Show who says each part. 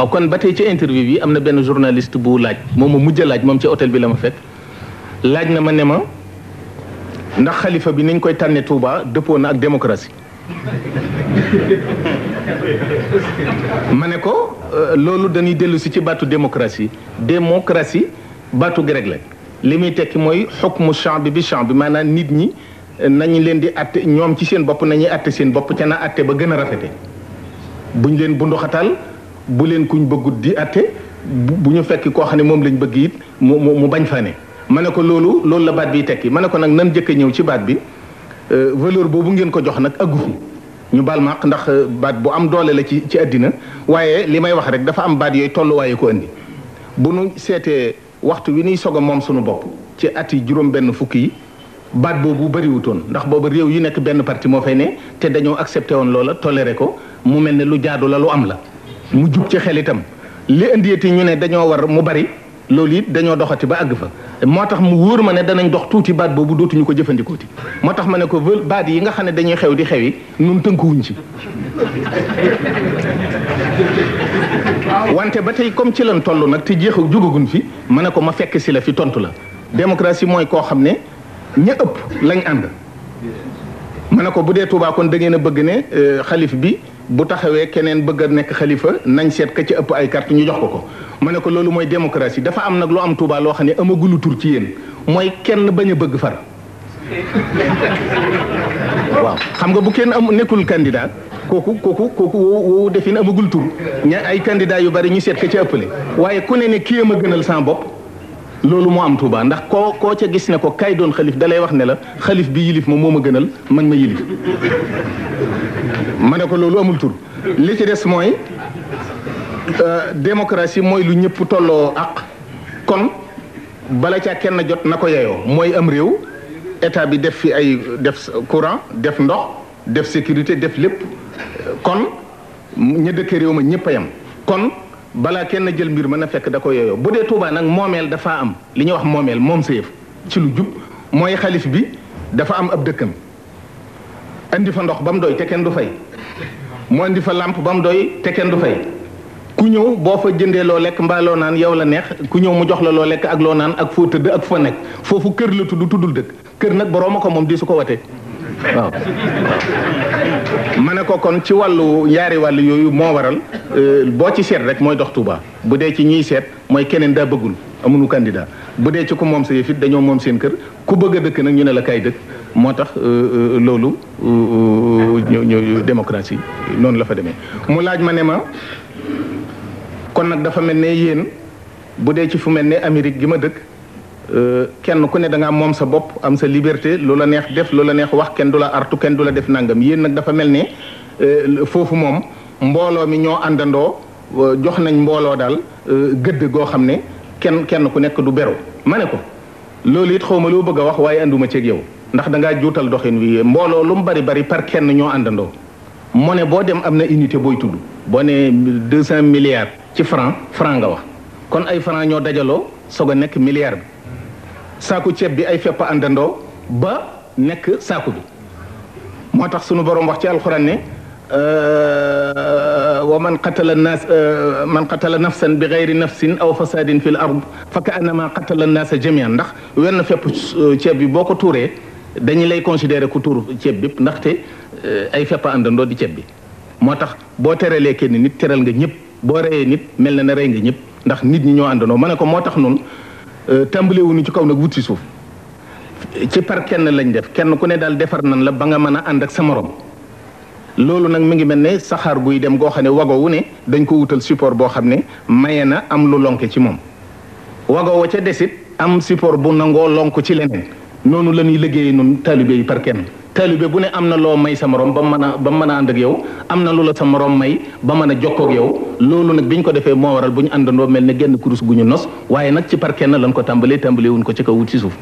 Speaker 1: waaw kon ba tey ci interview yi am na benn journaliste bu laaj moom ma mujj laaj moom ci hôtel bi la ma fekk laaj na ma ne ma ndax xalifa bi niñ koy tànnee Touba dëppoo ak démocratie ma ne ko euh, loolu dañuy dellu si ci baatu démocratie démocratie baatu grec la li muy tekki mooy xukmu champ bi bi bi maanaam nit ñi euh, nañ leen di àtte ñoom ci seen bopp nañuy àtte seen bopp ca na àtte ba gën a rafete buñ leen bunduxatal bu leen ku kuñ bëggut di atte bu ñu fekk koo xam ne moom lañ bëgg it mu mu bañ faa ne ma ne ko loolu loolu la baat bi tekki ma ne ko nag nan njëkk a ñëw ci baat bi euh, valeur boobu ngeen ko jox nag aggu ñu baal maaq ndax euh, baat bu am doole la ci ci àddina waaye li may wax rek dafa am baat yooyu tolluwaayu ko indi bu nu seetee waxtu wi nuy sog moom sunu bopp ci at yi juróom-benn fukk yi baat boobu bëriwutoon ndax booba réew yi nekk benn partie moo fay ne te dañoo accepté woon loola toléré ko mu mel ne lu jaadu la lu am la mu jub ci xel itam li indiati ñu ne dañoo war mu bari loolu it dañoo doxati ba àgg fa moo tax mu wóor ma ne danañ dox tuuti baat boobu dootuñu ko jëfandikooti moo tax ma ne ko baat yi nga xam ne dañuy xew di xew yi nun tënkuwuñ ci wante ba tey comme ci leen toll nag te jeexu jugagun fi ma ne ko ma fekk si la fi tontu la démocratie mooy koo xam ne ña ëpp lañ ànd ma ne ko bu dee Tuubaa kon da ngeen a bëgg ne euh, xalif bi bu taxawee keneen bëgg a nekk xalifa nañ seet ka ci ëpp ay kart ñu jox ko ko ma ne ko loolu mooy démocratie dafa am nag lu am Touba loo xam ne amagulu tur ci yéen mooy kenn bañ a bëgg far waaw xam nga bu kenn am nekkul candidat kooku kooku kooku woowu defin amagul tur ña ay candidat yu bari ñu seet ka ci ëppale waaye ku ne ne kii am a gënal sans bopp loolu moo am Touba ndax ko koo ca gis ne ko kay doon xalif dalay wax ne la xalif bi yilif ma moo ma gënal man ma yilif ma ne ko loolu amul tur li ci des mooy euh, démocratie mooy lu ñëpp tolloo ak kon bala ca kenn jot na ko yeyoo mooy am réew état bi def fi ay def courant def ndox def sécurité def lépp kon ña dëkk réew ma ñëpp a yam kon balaa kenn jël mbir mën a fekk da ko yooyoo bu dee Touba moomeel dafa am li ñuy wax moomeel moom séef ci lu jub mooy xalif bi dafa am ab dëkkam andi fa ndox ba mu doy te kenn du fay mu andi fa làmp ba mu doy te kenn du fay ku ñëw boo fa jëndee loo lekk mbaa loo naan yow la neex ku ñëw mu jox la loo lekk ak loo naan ak foo tëdd ak fa nekk foofu kër la tudd tuddul dëkk kër nag boroom a ko moom di su ko watee waaw ma ne ko kon ci wàllu yaari wàll yooyu moo waral euh, boo ci seet rek mooy dox Touba bu dee ci ñiy seet mooy keneen daa bëggul amuñu candidat bu dee ci ku moom sa yëf dañoo moom seen kër ku bëgg a dëkk nag ñu ne la kay dëkk moo tax euh, euh, loolu ñu ñu démocratie noonu la fa demee mu laaj ma ne ma kon nag dafa mel ne yéen bu dee ci fu mel ne Amérique gi ma dëkk Euh, kenn ku ne da nga moom sa bopp am sa liberté lu la neex def lu la neex wax kenn du la artu kenn du la def nangam yéen nag dafa mel ne euh, foofu moom mbooloo mi ñoo àndandoo euh, jox nañ mbooloo daal gëdd goo xam ne kenn kenn ku nekk du beru ma ne ko loolu it xaw ma loo bëgg a wax waaye anduma ceeg yow ndax da juutal doxin wi mbooloo lu mu bari bari par kenn ñoo àndandoo mu ne boo dem am na unité booy tudd boo ne deux cent milliards ci franc franc nga wax kon ay franc ñoo dajaloo soog a nekk milliard bi saaku ceeb bi ay fépp andando ba nek saaku bi motax sunu borom wax ci alquran ne wa man qatala an-nas man qatala nafsan bighayri nafsin aw fasadin fil ard fa ka annama qatala nas jamian ndax wenn fépp ceeb bi boko touré dañ lay considéré ku tuur ceeb ndax te ay fépp andando di ceeb bi motax bo boo teralee kenn nit teral nga ñëpp bo reyee nit melna na ne rey nga ñëpp ndax nit ñi ñoo àndandoo mané ko motax nun Euh, tàmbale wuñu ci kaw nag wuti suuf ci par kenn lañ def kenn ku ne daal defar nan la ba nga mën a ànd ak sa morom loolu nag mu ngi mel ne saxaar guy dem goo xam ne wago wu ne dañ ko wutal support boo xam ne maye na am lu lonke ci moom wago wa ca desit am support bu nangoo lonk ci leneen noonu la ñuy liggéeyee noonu taalibe yi par kenn taalibe bu ne am na loo may sa morom ba mën a ba mën a ànd ak yow am na lu la sa morom may ba mën a jokkoo yow loolu nag bi ñu ko defee moo waral bu ñu àndandoo mel ne genn kurus gu ñu nos waaye nag ci par kenn lañ ko tàmbalee tàmbalee wuñ ko ci kaw wut ci suuf